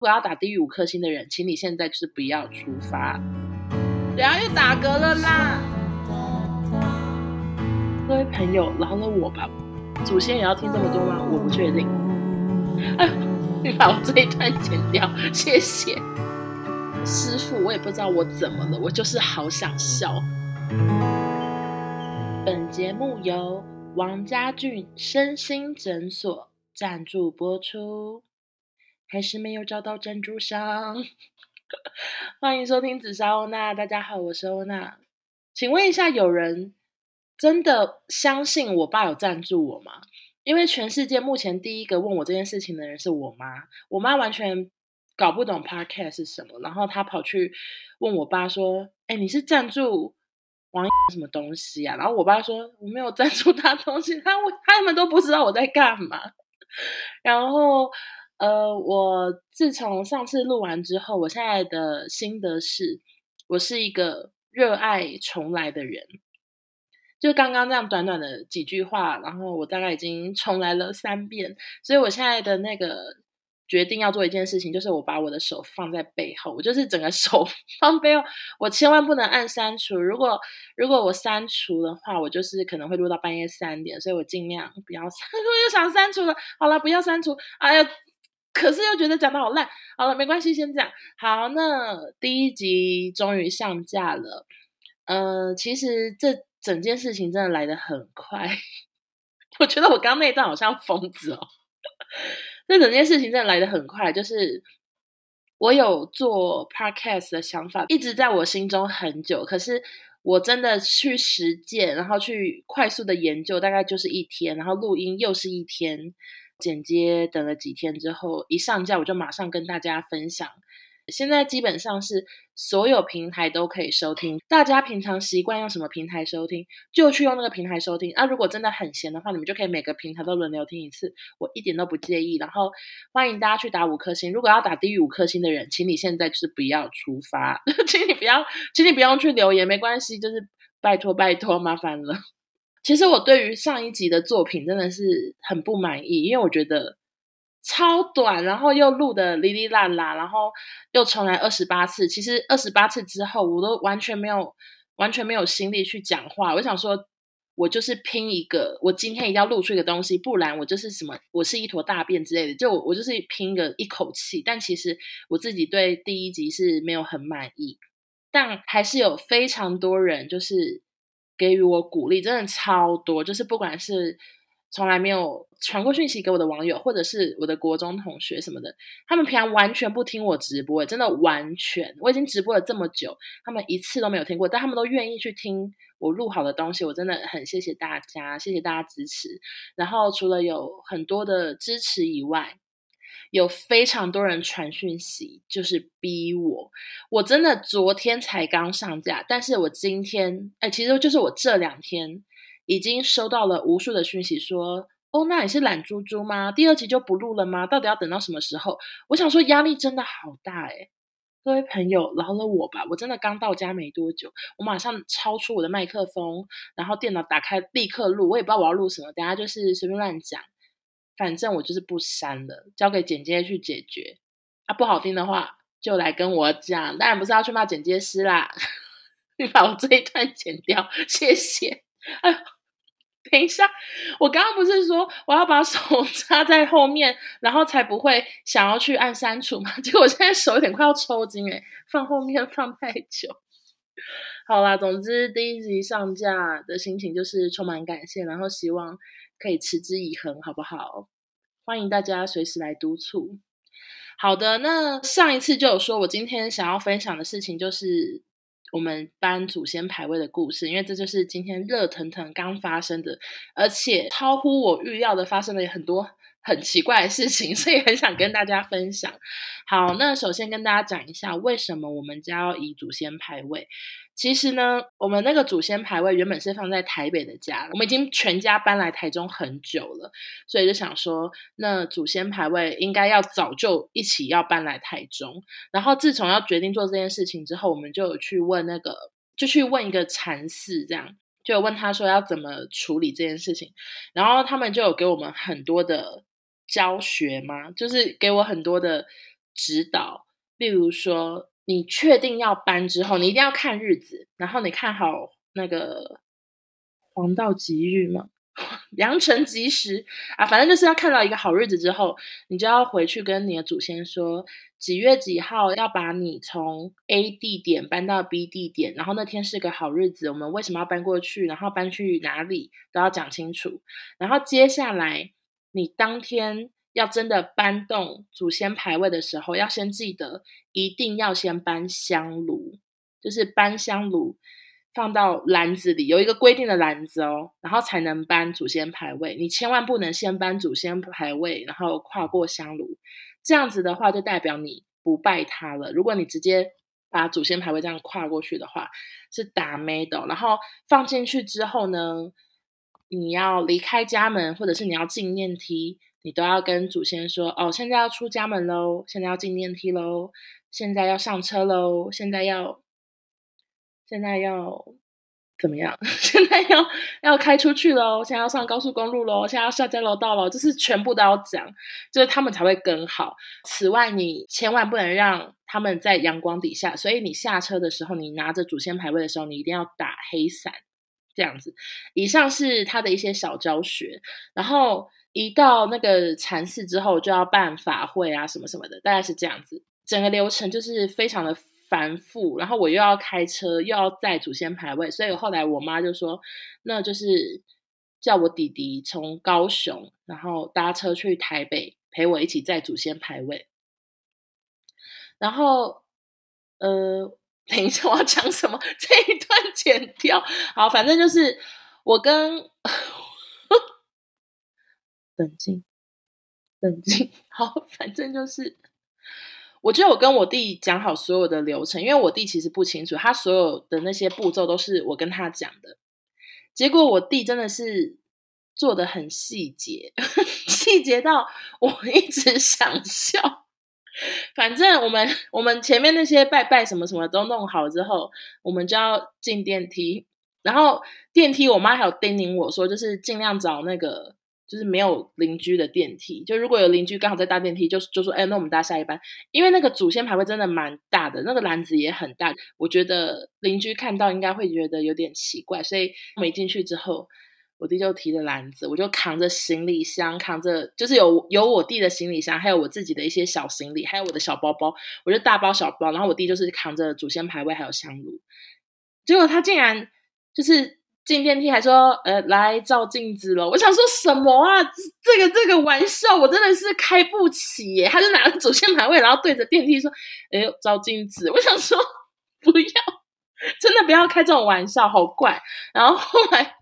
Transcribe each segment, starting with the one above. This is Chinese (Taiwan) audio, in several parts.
不要打低於五顆星的人，請你現在是不要出發。然後又打嗝了啦！各位朋友，饒了我吧。祖先也要聽這麼多嗎？我不確定。哎，你把我這一段剪掉，謝謝。師父，我也不知道我怎麼了，我就是好想笑。本節目由王家駿身心診所贊助播出。還是沒有找到贊助商？ 歡迎收聽紫砂歐娜，大家好，我是歐娜。請問一下，有人真的相信我爸有贊助我嗎？因為全世界目前第一個問我這件事情的人是我媽，我媽完全搞不懂 podcast 是什麼，然後她跑去問我爸說：“哎、欸，你是贊助王爺什麼東西啊？”然後我爸說：“我沒有贊助他東西，他他，他們都不知道我在幹嘛。”然後。呃，我自從上次錄完之後，我現在的心得是，我是一個熱愛重來的人。就剛剛這樣短短的幾句話，然後我大概已經重來了三遍。所以我現在的那個決定要做一件事情，就是我把我的手放在背後，我就是整個手放背後，我千萬不能按刪除。如果如果我刪除的話，我就是可能會錄到半夜三點，所以我盡量不要刪除。刪我又想刪除了，好了，不要刪除。哎呀。可是又覺得講得好爛，好了，沒關係，先這樣。好，那第一集終於上架了，呃，其實這整件事情真的來得很快。我覺得我剛剛那段好像瘋子哦， 這整件事情真的來得很快。就是我有做 podcast 的想法，一直在我心中很久。可是我真的去實踐，然後去快速的研究，大概就是一天，然後錄音又是一天。剪接等了幾天之後，一上架我就馬上跟大家分享。現在基本上是所有平台都可以收聽，大家平常習慣用什麼平台收聽，就去用那個平台收聽。那、啊、如果真的很閒的話，你們就可以每個平台都輪流聽一次，我一點都不介意。然後歡迎大家去打五顆星，如果要打低於五顆星的人，請你現在就是不要出發，請你不要，請你不用去留言，沒關係，就是拜託拜託，麻煩了。其實我對於上一集的作品真的是很不滿意，因為我覺得超短，然後又錄的哩哩啦啦，然後又重來二十八次。其實二十八次之後，我都完全沒有完全沒有心力去講話。我想說，我就是拼一個，我今天一定要錄出一個東西，不然我就是什麼，我是一坨大便之類的。就我，我就是拼個一口氣。但其實我自己對第一集是沒有很滿意，但還是有非常多人就是。給予我鼓勵，真的超多。就是不管是從來沒有傳過訊息給我的網友，或者是我的國中同學什麼的，他們平常完全不聽我直播，真的完全。我已經直播了這麼久，他們一次都沒有聽過。但他們都願意去聽我錄好的東西，我真的很謝謝大家，謝謝大家支持。然後除了有很多的支持以外，有非常多人傳訊息，就是逼我。我真的昨天才剛上架，但是我今天，哎、欸，其實就是我這兩天已經收到了無數的訊息說，說哦，那你是懶豬豬嗎？第二集就不錄了嗎？到底要等到什麼時候？我想說壓力真的好大誒、欸。各位朋友饒了我吧，我真的剛到家沒多久，我馬上抄出我的麥克風，然後電腦打開立刻錄，我也不知道我要錄什麼，等下就是隨便亂講。反正我就是不刪了，交給剪接去解決啊！不好聽的話就來跟我講，當然不是要去罵剪接師啦。 你把我這一段剪掉，謝謝。哎呦，等一下，我剛剛不是說我要把手插在後面，然後才不會想要去按刪除嘛？結果我現在手有點快要抽筋誒、欸、放後面放太久。好啦，總之第一集上架的心情就是充滿感謝，然後希望。可以持之以恆，好不好？歡迎大家隨時來督促。好的，那上一次就有說，我今天想要分享的事情就是我們搬祖先牌位的故事，因為這就是今天熱騰騰剛發生的，而且超乎我預料的發生的也很多，很奇怪的事情，所以很想跟大家分享。好，那首先跟大家講一下，為什麼我們家要移祖先牌位。其實呢，我們那個祖先牌位原本是放在台北的家，我們已經全家搬來台中很久了，所以就想說，那祖先牌位應該要早就一起要搬來台中。然後自從要決定做這件事情之後，我們就有去問那個，就去問一個禪師，這樣就問他說要怎麼處理這件事情。然後他們就有給我們很多的。教學嗎？就是給我很多的指導，例如說，你確定要搬之後，你一定要看日子，然後你看好那個黃道吉日嘛，良 辰吉時啊，反正就是要看到一個好日子之後，你就要回去跟你的祖先說，幾月幾號要把你從 A 地點搬到 B 地點，然後那天是個好日子，我們為什麼要搬過去，然後搬去哪裡，都要講清楚，然後接下來。你當天要真的搬動祖先牌位的時候，要先記得一定要先搬香爐，就是搬香爐放到籃子裡，有一個規定的籃子哦，然後才能搬祖先牌位。你千萬不能先搬祖先牌位，然後跨過香爐，這樣子的話就代表你不拜他了。如果你直接把祖先牌位這樣跨過去的話，是打咩的哦。然後放進去之後呢，你要離開家門，或者是你要進電梯，你都要跟祖先說：哦，現在要出家門嘍，現在要進電梯嘍，現在要上車嘍，現在要現在要怎麼樣？現在要要開出去嘍，現在要上高速公路嘍，現在要下交流道嘍，就是全部都要講，就是他們才會更好。此外，你千萬不能讓他們在陽光底下。所以，你下車的時候，你拿着祖先牌位的時候，你一定要打黑傘。這樣子，以上是他的一些小教學，然後一到那個禪寺之後，我就要辦法會啊什麼什麼的，大概是這樣子。整個流程就是非常的繁複，然後我又要開車，又要帶祖先牌位，所以後來我媽就說，那就是叫我弟弟從高雄，然後搭車去台北，陪我一起帶祖先牌位，然後，呃。等一下，我要講什麼？這一段剪掉。好，反正就是我跟呵呵冷靜冷靜。好，反正就是，我覺得我跟我弟講好所有的流程，因為我弟其實不清楚他所有的那些步驟，都是我跟他講的。結果我弟真的是做得很細節，細節到我一直想笑。反正我們我們前面那些拜拜什麼什麼都弄好之後，我們就要進電梯。然後電梯，我媽還有叮嚀我說，就是盡量找那個就是沒有鄰居的電梯。就如果有鄰居剛好在搭電梯就，就就說哎，那我們搭下一班。因為那個祖先牌位真的蠻大的，那個籃子也很大，我覺得鄰居看到應該會覺得有點奇怪。所以我一進去之後。我弟就提着籃子，我就扛着行李箱，扛着就是有有我弟的行李箱，還有我自己的一些小行李，還有我的小包包，我就大包小包。然後我弟就是扛着祖先牌位還有香爐，結果他竟然就是進電梯還說：“呃，來照鏡子了。”我想說什麼啊？這個這個玩笑我真的是開不起耶！他就拿着祖先牌位，然後對着電梯說：“哎呦，照鏡子。”我想說不要，真的不要開這種玩笑，好怪。然後後來。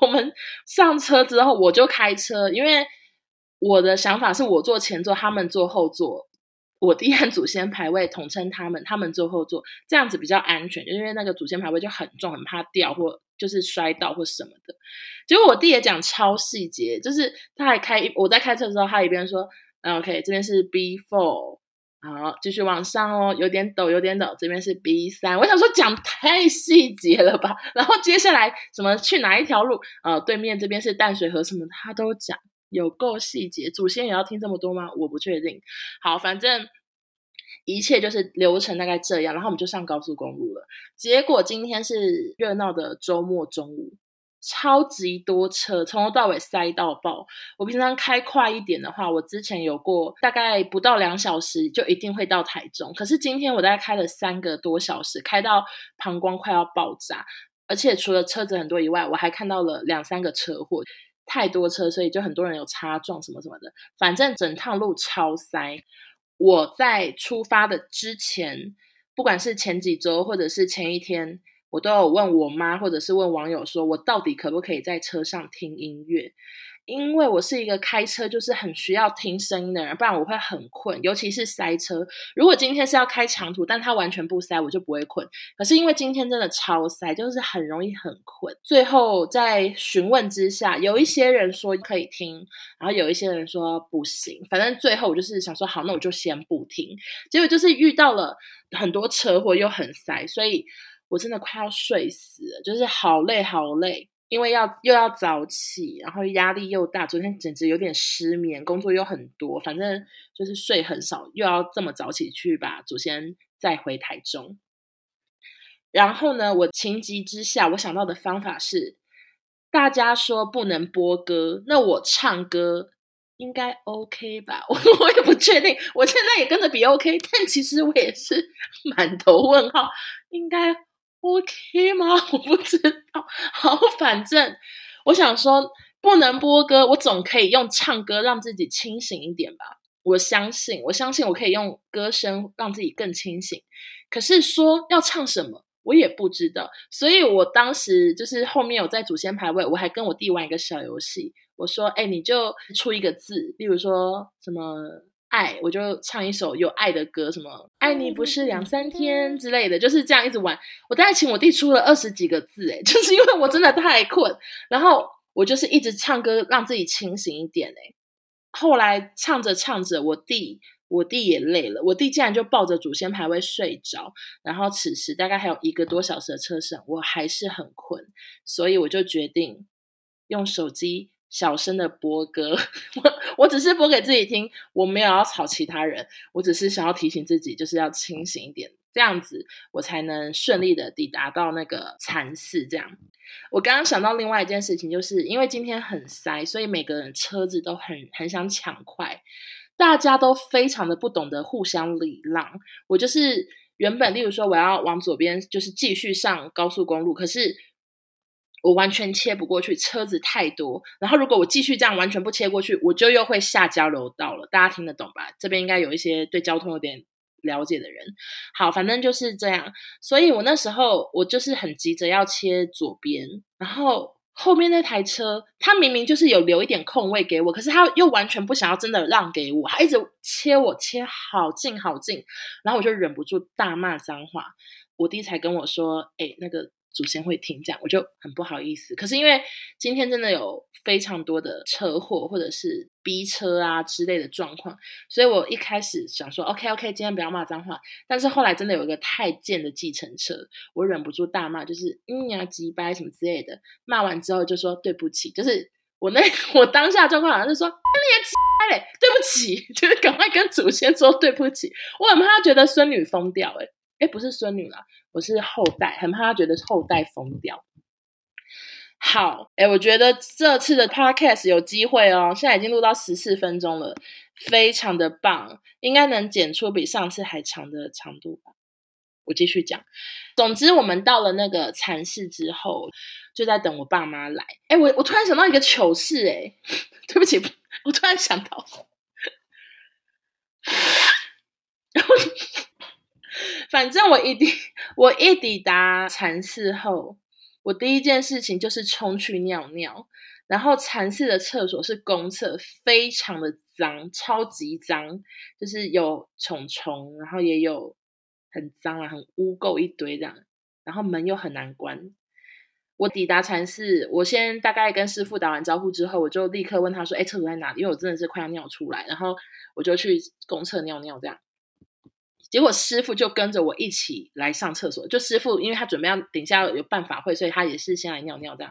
我們上車之後，我就開車，因為我的想法是我坐前座，他們坐後座。我弟跟祖先牌位，統稱他們，他們坐後座，這樣子比較安全，就是、因為那個祖先牌位就很重，很怕掉或就是摔倒或什麼的。結果我弟也講超細節，就是他還開，我在開車的時候，他一邊說：“OK，這邊是 B4 好，繼續往上哦，有點抖，有點抖。這邊是 B 三，我想說講太細節了吧？然後接下來什麼去哪一條路啊、呃？對面這邊是淡水河什麼，他都講有夠細節。祖先也要聽這麼多嗎？我不確定。好，反正一切就是流程大概這樣，然後我們就上高速公路了。結果今天是熱鬧的週末中午。超級多車，從頭到尾塞到爆。我平常開快一點的話，我之前有過大概不到兩小時就一定會到台中。可是今天我大概開了三個多小時，開到膀胱快要爆炸，而且除了車子很多以外，我還看到了兩三個車禍，太多車，所以就很多人有擦撞什麼什麼的。反正整趟路超塞。我在出發的之前，不管是前幾週或者是前一天。我都有問我媽，或者是問網友，說我到底可不可以在車上聽音樂？因為我是一個開車就是很需要聽聲音的人，不然我會很困，尤其是塞車。如果今天是要開長途，但它完全不塞，我就不會困。可是因為今天真的超塞，就是很容易很困。最後在詢問之下，有一些人說可以聽，然後有一些人說不行。反正最後我就是想說好，那我就先不聽。結果就是遇到了很多車禍又很塞，所以。我真的快要睡死了，就是好累好累，因為要又要早起，然後壓力又大，昨天簡直有點失眠，工作又很多，反正就是睡很少，又要這麼早起去把祖先再回台中。然後呢，我情急之下，我想到的方法是，大家說不能播歌，那我唱歌應該 OK 吧？我我也不確定，我現在也跟着比 OK，但其實我也是滿頭問號，應該。o、okay、K 嗎？我不知道。好，反正我想說不能播歌，我總可以用唱歌讓自己清醒一點吧。我相信，我相信我可以用歌聲讓自己更清醒。可是說要唱什麼，我也不知道。所以我當時就是後面有在祖先牌位，我還跟我弟玩一個小遊戲。我說：“哎、欸，你就出一個字，例如說什麼。”愛我就唱一首有愛的歌，什麼“愛你不是兩三天”之類的，就是這樣一直玩。我大概請我弟出了二十幾個字，哎，就是因為我真的太困，然後我就是一直唱歌讓自己清醒一點，哎，後來唱着唱着，我弟我弟也累了，我弟竟然就抱着祖先牌位睡着。然後此時大概還有一個多小時的車程，我還是很困，所以我就決定用手機。小聲的播歌，我我只是播給自己聽，我沒有要吵其他人，我只是想要提醒自己，就是要清醒一點，這樣子我才能順利的抵達到那個禪寺。這樣，我剛剛想到另外一件事情，就是因為今天很塞，所以每個人車子都很很想搶快，大家都非常的不懂得互相禮讓。我就是原本，例如說我要往左邊，就是繼續上高速公路，可是，我完全切不過去，車子太多。然後如果我繼續這樣完全不切過去，我就又會下交流道了。大家聽得懂吧？這邊應該有一些對交通有點了解的人。好，反正就是這樣。所以我那時候我就是很急着要切左邊，然後後面那台車他明明就是有留一點空位給我，可是他又完全不想要真的讓給我，還一直切我切好近好近，然後我就忍不住大罵髒話。我弟才跟我說：“誒，那個。”祖先會聽講，我就很不好意思。可是因為今天真的有非常多的車禍或者是逼車啊之類的狀況，所以我一開始想說 OK OK，今天不要罵髒話。但是後來真的有一個太賤的計程車，我忍不住大罵，就是嗯呀雞掰什麼之類的。罵完之後就說對不起，就是我那我當下的狀況好像是說你也雞掰嘞，對不起，就是趕快跟祖先說對不起。我很怕他覺得孫女瘋掉，欸？誒不是孫女啦，我是後代，很怕他覺得是後代瘋掉。好，誒我覺得這次的 podcast 有機會哦，現在已經錄到十四分鐘了，非常的棒，應該能剪出比上次還長的長度吧。我繼續講，總之我們到了那個禪室之後，就在等我爸媽來。誒我我突然想到一個糗事誒，誒對不起，我突然想到，然後。反正我一抵我一抵達禪寺後，我第一件事情就是衝去尿尿。然後禪寺的廁所是公廁，非常的髒，超級髒，就是有蟲蟲，然後也有很髒啊，很汙垢一堆這樣。然後門又很難關。我抵達禪寺，我先大概跟師父打完招呼之後，我就立刻問他說：“哎、欸，廁所在哪裡？”因為我真的是快要尿出來，然後我就去公廁尿尿這樣。結果師父就跟着我一起來上廁所，就師父因為他準備要等一下有辦法會，所以他也是先來尿尿這樣，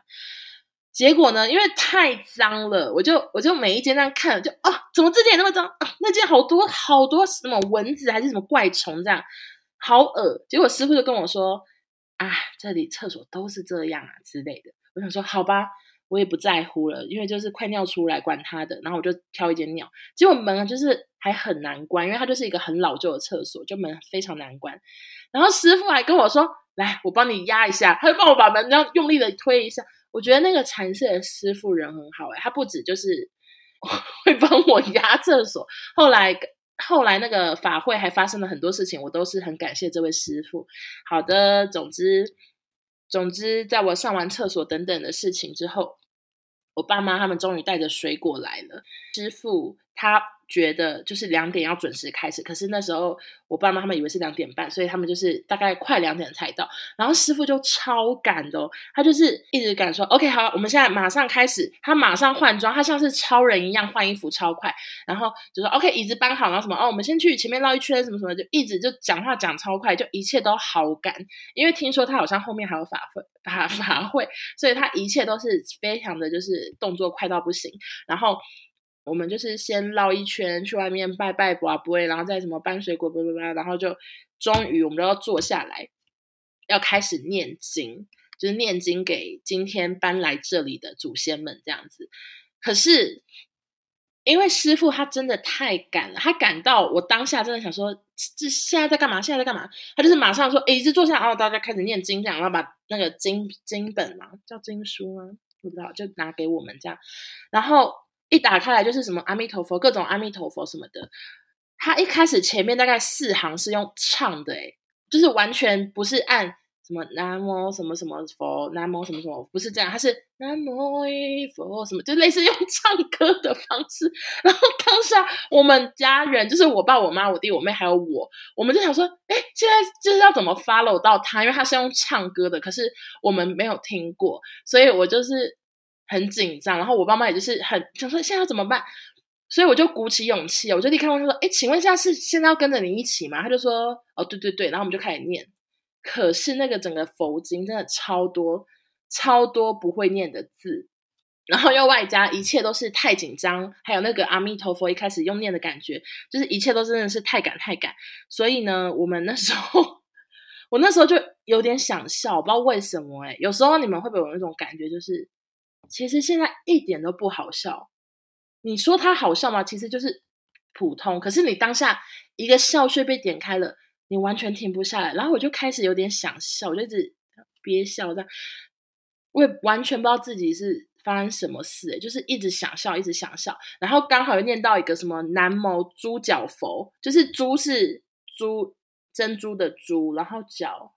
結果呢，因為太髒了，我就我就每一間這樣看，就啊、哦，怎麼這間也那麼髒啊、哦？那間好多好多什麼蚊子，還是什麼怪蟲這樣，好噁，結果師父就跟我說：“啊，這裡廁所都是這樣啊之類的。”我想說，好吧。我也不在乎了，因為就是快尿出來，管他的。然後我就挑一間尿，結果門就是還很難關，因為它就是一個很老舊的廁所，就門非常難關。然後師傅還跟我說：“來，我幫你壓一下。”他就幫我把門這樣用力的推一下。我覺得那個禪寺的師傅人很好哎、欸，他不止就是會幫我壓廁所，後來後來那個法會還發生了很多事情，我都是很感謝這位師傅。好的，總之。總之，在我上完廁所等等的事情之後，我爸媽他們終於帶着水果來了，師父。他覺得就是兩點要準時開始，可是那時候我爸媽他們以為是兩點半，所以他們就是大概快兩點才到。然後師父就超趕的，哦，他就是一直趕說 OK，好，我們現在馬上開始。他馬上換裝，他像是超人一樣換衣服超快，然後就說 OK，椅子搬好，然後什麼哦，我們先去前面繞一圈，什麼什麼就一直就講話講超快，就一切都好趕。因為聽說他好像後面還有法會，法會，所以他一切都是非常的就是動作快到不行，然後。我們就是先繞一圈去外面拜拜不啊，然後再什麼搬水果吧吧吧，然後就終於我們都要坐下來，要開始念經，就是念經給今天搬來這裡的祖先們這樣子。可是因為師父他真的太趕了，他趕到我當下真的想說，這現在在幹嘛？現在在幹嘛？他就是馬上說，欸，一直坐下哦，大家開始念經這樣，然後把那個經經本嘛，叫經書嗎？不知道，就拿給我們這樣，然後。一打開來就是什麼阿彌陀佛，各種阿彌陀佛什麼的。他一開始前面大概四行是用唱的誒，誒就是完全不是按什麼南無什麼什麼佛，南無什麼什麼，不是這樣，他是南無一佛什麼，就類似用唱歌的方式。然後當下我們家人就是我爸、我媽、我弟、我妹還有我，我們就想說，哎，現在就是要怎麼 follow 到他，因為他是用唱歌的，可是我們沒有聽過，所以我就是。很緊張，然後我爸媽也就是很想說現在要怎麼辦，所以我就鼓起勇氣，我就立刻問，就說：“哎、欸，請問一下是現在要跟着你一起嗎？”他就說：“哦，對對對。”然後我們就開始念，可是那個整個佛經真的超多超多不會念的字，然後又外加一切都是太緊張，還有那個阿彌陀佛一開始用念的感覺，就是一切都真的是太趕太趕，所以呢，我們那時候我那時候就有點想笑，我不知道為什麼哎、欸，有時候你們會不會有那種感覺，就是。其實現在一點都不好笑，你說它好笑嗎？其實就是普通。可是你當下一個笑穴被點開了，你完全停不下來。然後我就開始有點想笑，我就一直憋笑，但我，我也完全不知道自己是發生什麼事欸，就是一直想笑，一直想笑。然後剛好又念到一個什麼南無豬腳佛，就是豬是豬，珍珠的豬，然後腳。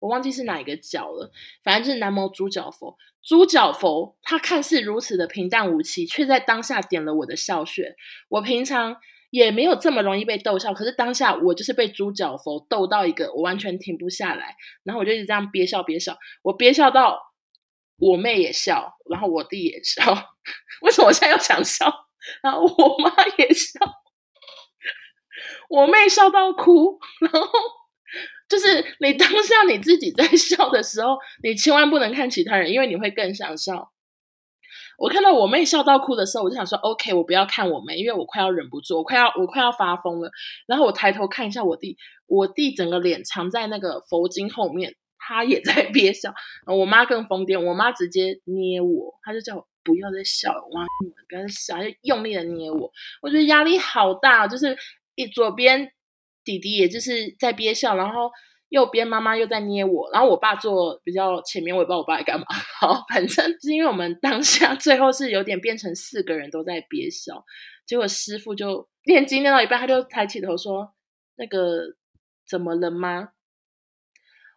我忘記是哪一個角了，反正就是南無豬腳佛。豬腳佛他看似如此的平淡無奇，卻在當下點了我的笑穴。我平常也沒有這麼容易被逗笑，可是當下我就是被豬腳佛逗到一個我完全停不下來，然後我就一直這樣憋笑憋笑。我憋笑到我妹也笑，然後我弟也笑。為什麼我現在又想笑？然後我媽也笑，我妹笑到哭，然後。就是你當下你自己在笑的時候，你千萬不能看其他人，因為你會更想笑。我看到我妹笑到哭的時候，我就想說，OK，我不要看我妹，因為我快要忍不住，我快要我快要發瘋了。然後我抬頭看一下我弟，我弟整個臉藏在那個佛經後面，他也在憋笑。然後我媽更瘋癲，我媽直接捏我，她就叫我不要再笑，我媽，不要再笑，就用力的捏我。我覺得壓力好大，就是一左邊。弟弟也就是在憋笑，然後右邊媽媽又在捏我，然後我爸坐比較前面，我也不知道我爸在幹嘛。好，反正就是因為我們當下最後是有點變成四個人都在憋笑，結果師父就念經念到一半，他就抬起頭說：“那個怎麼了嗎？”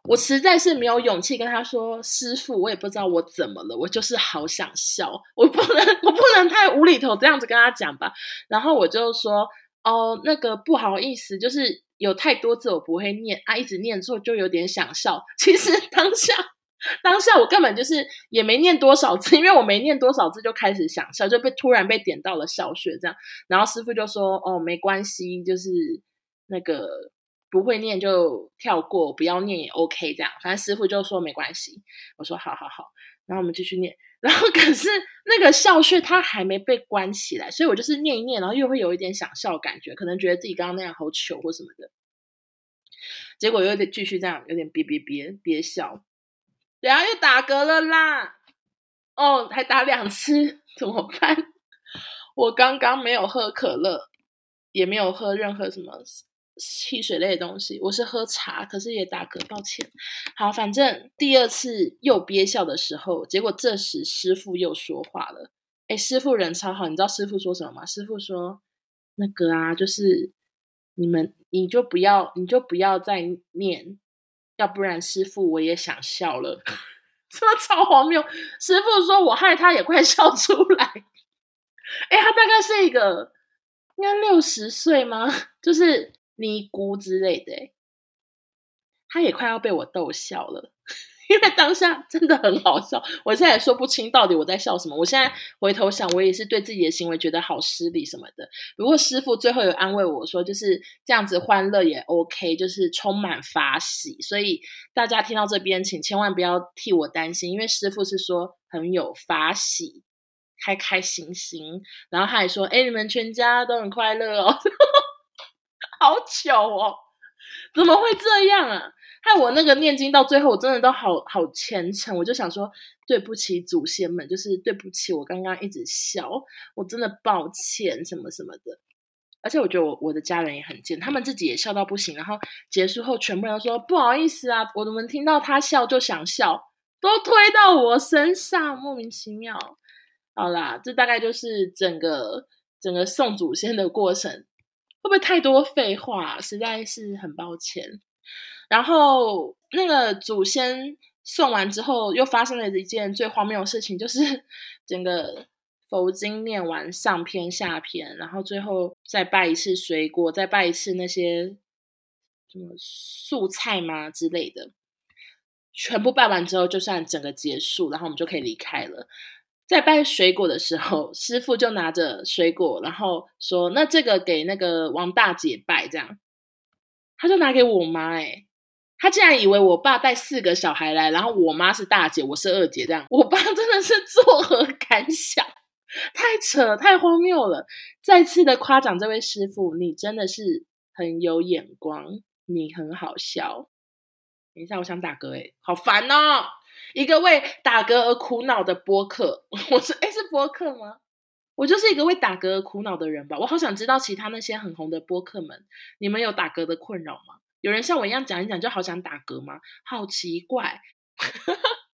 我實在是沒有勇氣跟他說，師父，我也不知道我怎麼了，我就是好想笑，我不能，我不能太無厘頭這樣子跟他講吧。然後我就說。哦，那個不好意思，就是有太多字我不會念啊，一直念錯就有點想笑。其實當下，當下我根本就是也沒念多少字，因為我沒念多少字就開始想笑，就被突然被點到了笑穴這樣。然後師父就說：“哦，沒關係，就是那個不會念就跳過，不要念也 OK 這樣。”反正師父就說沒關係，我說好好好，然後我們繼續念。然後可是那個笑穴它還沒被關起來，所以我就是念一念，然後又會有一點想笑感覺，可能覺得自己剛剛那樣好糗或什麼的，結果又得繼續這樣，有點憋憋憋憋笑，然後又打嗝了啦。哦，還打兩次，怎麼辦？我剛剛沒有喝可樂，也沒有喝任何什麼。汽水類的東西，我是喝茶，可是也打嗝，抱歉。好，反正第二次又憋笑的時候，結果這時師父又說話了。哎、欸，師父人超好，你知道師父說什麼嗎？師父說那個啊，就是你們你就不要你就不要再念，要不然師父我也想笑了。什 麼超荒謬？師父說我害他，也快笑出來。哎、欸，他大概是一個應該六十歲嗎？就是。尼姑之類的，他也快要被我逗笑了， 因為當下真的很好笑，我現在也說不清到底我在笑什麼。我現在回頭想，我也是對自己的行為覺得好失禮什麼的。不過師父最後有安慰我說，就是這樣子歡樂也 OK，就是充滿法喜。所以大家聽到這邊，請千萬不要替我擔心，因為師父是說很有法喜，開開心心。然後他也說：“哎、欸，你們全家都很快樂哦。 ”好巧哦，怎麼會這樣啊？害我那個念經到最後，我真的都好好虔誠。我就想說，對不起祖先們，就是對不起我剛剛一直笑，我真的抱歉什麼什麼的。而且我覺得我我的家人也很賤，他們自己也笑到不行。然後結束後，全部人都說不好意思啊，我怎麼聽到他笑就想笑，都推到我身上，莫名其妙。好啦，這大概就是整個整個送祖先的過程。會不會太多廢話啊？實在是很抱歉。然後那個祖先送完之後，又發生了一件最荒謬的事情，就是整個佛經念完上篇下篇，然後最後再拜一次水果，再拜一次那些什麼素菜嘛之類的，全部拜完之後就算整個結束，然後我們就可以離開了。在拜水果的時候，師父就拿着水果，然後說：“那這個給那個王大姐拜。”這樣，他就拿給我媽誒。誒他竟然以為我爸帶四個小孩來，然後我媽是大姐，我是二姐。這樣，我爸真的是作何感想？太扯了，太荒謬了！再次的誇獎這位師父，你真的是很有眼光，你很好笑。等一下，我想打嗝，誒好煩哦！一個為打嗝而苦惱的播客，我是誒，是播客嗎？我就是一個為打嗝而苦惱的人吧。我好想知道其他那些很紅的播客們，你們有打嗝的困擾嗎？有人像我一樣講一講，就好想打嗝嗎？好奇怪。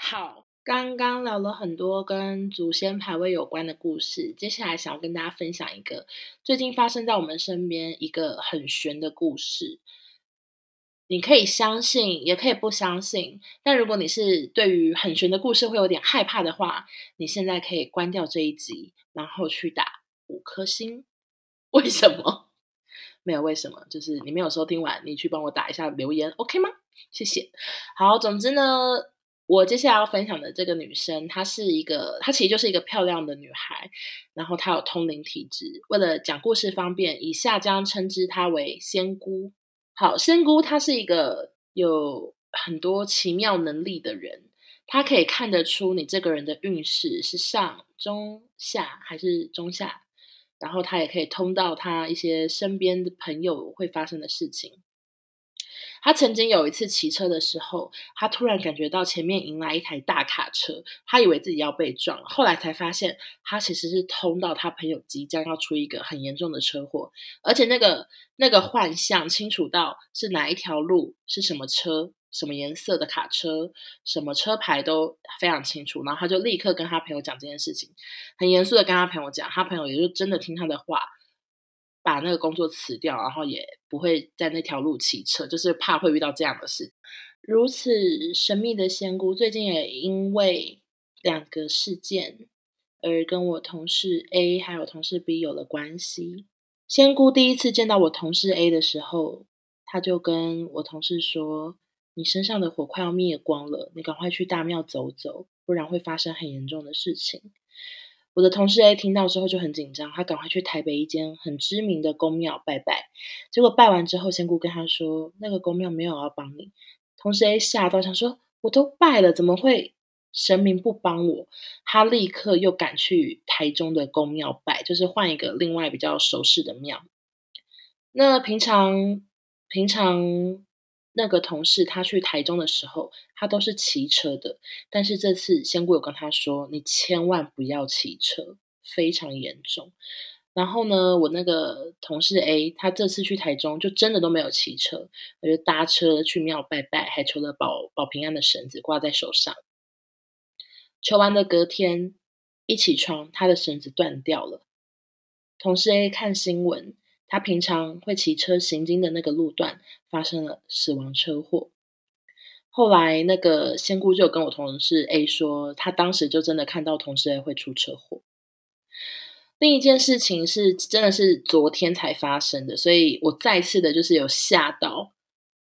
好，剛剛聊了很多跟祖先牌位有關的故事，接下來想要跟大家分享一個最近發生在我們身邊一個很懸的故事。你可以相信，也可以不相信。但如果你是對於很玄的故事會有點害怕的話，你現在可以關掉這一集，然後去打五顆星。為什麼？沒有為什麼，就是你沒有收聽完，你去幫我打一下留言，OK 嗎？謝謝。好，總之呢，我接下來要分享的這個女生，她是一個，她其實就是一個漂亮的女孩，然後她有通靈體質。為了講故事方便，以下將稱之她為仙姑。好，仙姑她是一個有很多奇妙能力的人，她可以看得出你這個人的運勢是上中下還是中下，然後她也可以通到她一些身邊的朋友會發生的事情。他曾經有一次騎車的時候，他突然感覺到前面迎來一台大卡車，他以為自己要被撞，後來才發現他其實是通到他朋友即將要出一個很嚴重的車禍，而且那個那個幻象清楚到是哪一條路，是什麼車、什麼顏色的卡車、什麼車牌都非常清楚，然後他就立刻跟他朋友講這件事情，很嚴肅的跟他朋友講，他朋友也就真的聽他的話。把那個工作辭掉，然後也不會在那條路騎車，就是怕會遇到這樣的事。如此神秘的仙姑，最近也因為兩個事件而跟我同事 A 還有同事 B 有了關係。仙姑第一次見到我同事 A 的時候，他就跟我同事說：“你身上的火快要滅光了，你趕快去大廟走走，不然會發生很嚴重的事情。”我的同事 A 聽到之後就很緊張，他趕快去台北一間很知名的宮廟拜拜，結果拜完之後，仙姑跟他說，那個宮廟沒有要幫你。同事 A 嚇到，想說我都拜了，怎麼會神明不幫我？他立刻又趕去台中的宮廟拜，就是換一個另外比較熟悉的廟。那平常，平常。那個同事他去台中的時候，他都是騎車的，但是這次仙姑有跟他說，你千萬不要騎車，非常嚴重。然後呢，我那個同事 A，他這次去台中就真的都沒有騎車，我就搭車去廟拜拜，還求了保保平安的繩子掛在手上。求完的隔天一起床，他的繩子斷掉了。同事 A 看新聞。他平常會騎車行經的那個路段發生了死亡車禍，後來那個仙姑就跟我同事 A 說，他當時就真的看到同事 A 會出車禍。另一件事情是，真的是昨天才發生的，所以我再次的就是有嚇到。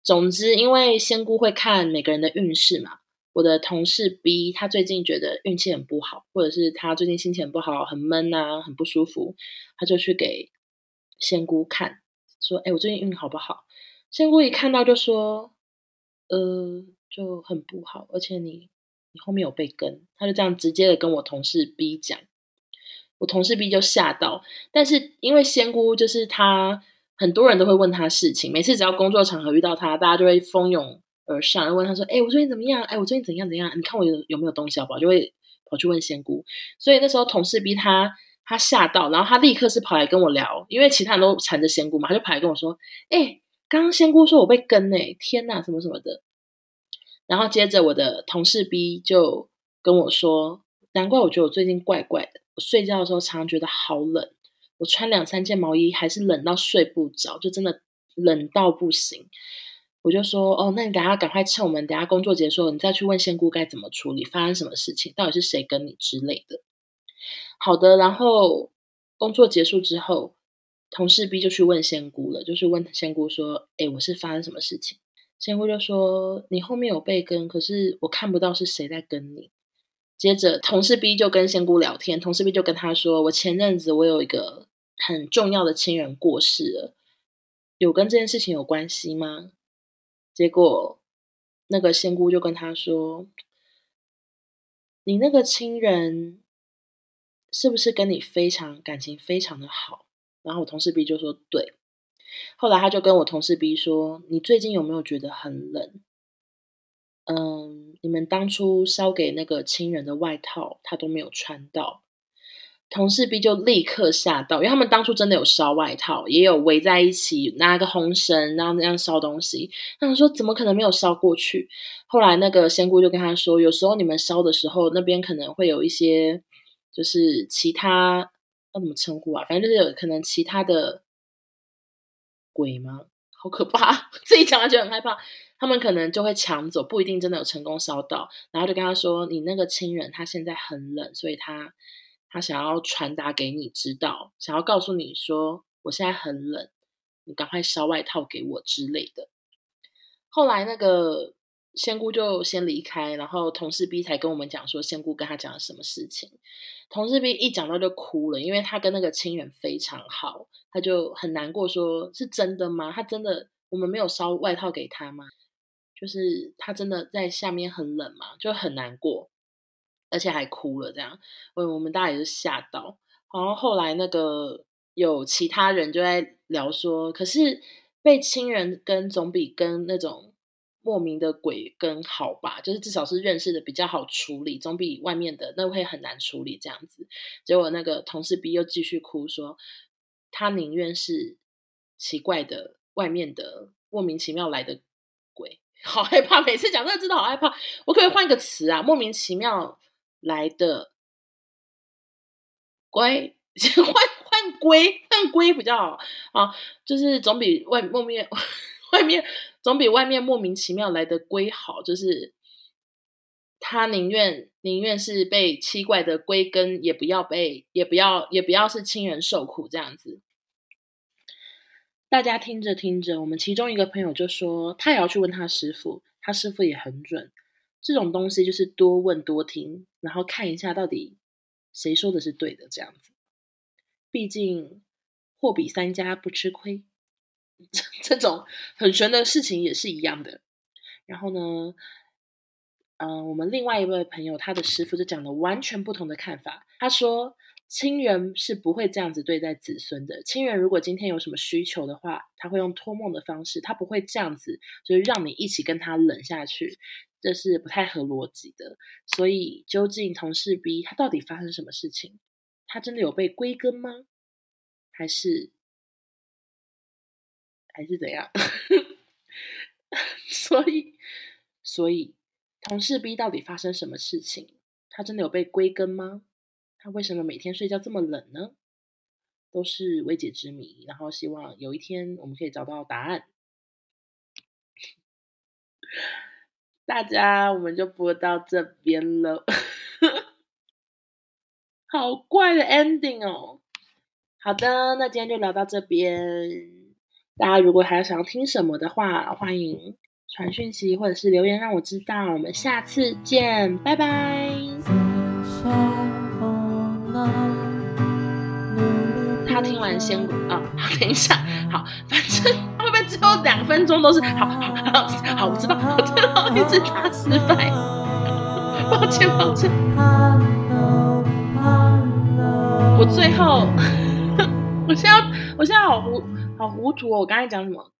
總之，因為仙姑會看每個人的運勢嘛，我的同事 B 他最近覺得運氣很不好，或者是他最近心情不好，很悶啊，很不舒服，他就去給。仙姑看說：“哎，我最近運好不好？”仙姑一看到就說：“呃，就很不好，而且你你後面有被跟。”他就這樣直接的跟我同事 B 講，我同事 B 就嚇到。但是因為仙姑就是他，很多人都會問他事情，每次只要工作場合遇到他，大家就會蜂擁而上，問他說：“哎，我最近怎麼樣？哎，我最近怎樣怎樣？你看我有有沒有東西好不好？”就會跑去問仙姑。所以那時候同事 B 他。他嚇到，然後他立刻是跑來跟我聊，因為其他人都纏着仙姑嘛，他就跑來跟我說：“哎、欸，剛剛仙姑說我被跟哎、欸，天吶，什麼什麼的。”然後接着我的同事 B 就跟我說：“難怪我覺得我最近怪怪的，我睡覺的時候常常覺得好冷，我穿兩三件毛衣，還是冷到睡不着，就真的冷到不行。”我就說：“哦，那你等下趕快趁我們等下工作結束，你再去問仙姑該怎麼處理，發生什麼事情，到底是誰跟你之類的。”好的，然後工作結束之後，同事 B 就去問仙姑了，就是問仙姑說：“誒，我是發生什麼事情？”仙姑就說：“你後面有被跟，可是我看不到是誰在跟你。”接着，同事 B 就跟仙姑聊天，同事 B 就跟他說：“我前陣子我有一個很重要的親人過世了，有跟這件事情有關係嗎？”結果，那個仙姑就跟他說：“你那個親人。”是不是跟你非常感情非常的好？然後我同事 B 就說對。後來他就跟我同事 B 說：“你最近有沒有覺得很冷？嗯，你們當初燒給那個親人的外套，他都沒有穿到。”同事 B 就立刻嚇到，因為他們當初真的有燒外套，也有圍在一起拿個紅繩，然後那樣燒東西。他說：“怎麼可能沒有燒過去？”後來那個仙姑就跟他說：“有時候你們燒的時候，那邊可能會有一些。”就是其他要怎麼稱呼啊？反正就是有可能其他的鬼嗎？好可怕！自己講完就很害怕。他們可能就會搶走，不一定真的有成功燒到。然後就跟他說：“你那個親人他現在很冷，所以他他想要傳達給你知道，想要告訴你說，我現在很冷，你趕快燒外套給我之類的。”後來那個。仙姑就先離開，然後同事 B 才跟我們講說仙姑跟他講了什麼事情。同事 B 一講到就哭了，因為他跟那個親人非常好，他就很難過說，說是真的嗎？他真的我們沒有燒外套給他嗎？就是他真的在下面很冷嘛？就很難過，而且還哭了這樣。我我們大家也是嚇到。然後後來那個有其他人就在聊說，可是被親人跟總比跟那種。莫名的鬼跟好吧，就是至少是認識的比較好處理，總比外面的那會很難處理這樣子。結果那個同事 B 又繼續哭說，他寧願是奇怪的外面的莫名其妙來的鬼，好害怕，每次講這個字都好害怕。我可不可以換個詞啊，莫名其妙來的鬼，換換龜，換龜比較好啊，就是總比外外面，莫名外面總比外面莫名其妙來的龜好，就是他寧願寧願是被奇怪的龜跟，也不要被也不要也不要是親人受苦這樣子。大家聽着聽着，我們其中一個朋友就說，他也要去問他師父，他師父也很準。這種東西就是多問多聽，然後看一下到底誰說的是對的這樣子。畢竟貨比三家不吃虧。 這種很玄的事情也是一樣的。然後呢，嗯，我們另外一位朋友他的師父就講了完全不同的看法。他說，親人是不會這樣子對待子孫的。親人如果今天有什麼需求的話，他會用托夢的方式，他不會這樣子，就是讓你一起跟他冷下去，這是不太合邏輯的。所以，究竟同事 B 他到底發生什麼事情？他真的有被歸根嗎？還是？還是怎樣？ 所以，所以同事 B 到底發生什麼事情？他真的有被鬼跟嗎？他為什麼每天睡覺這麼冷呢？都是未解之謎。然後希望有一天我們可以找到答案。大家，我們就播到這邊了。 好怪的 ending 哦！好的，那今天就聊到這邊。大家如果還有想要聽什麼的話，歡迎傳訊息或者是留言讓我知道。我們下次見，拜拜。 他聽完先啊，好，等一下，好，反正他會不會只有兩分鐘都是好，好好好，我知道，我知道，最後一次他失敗，抱歉抱歉。 我最後，我現在我現在好無。我好糊塗哦！我剛才講什麼？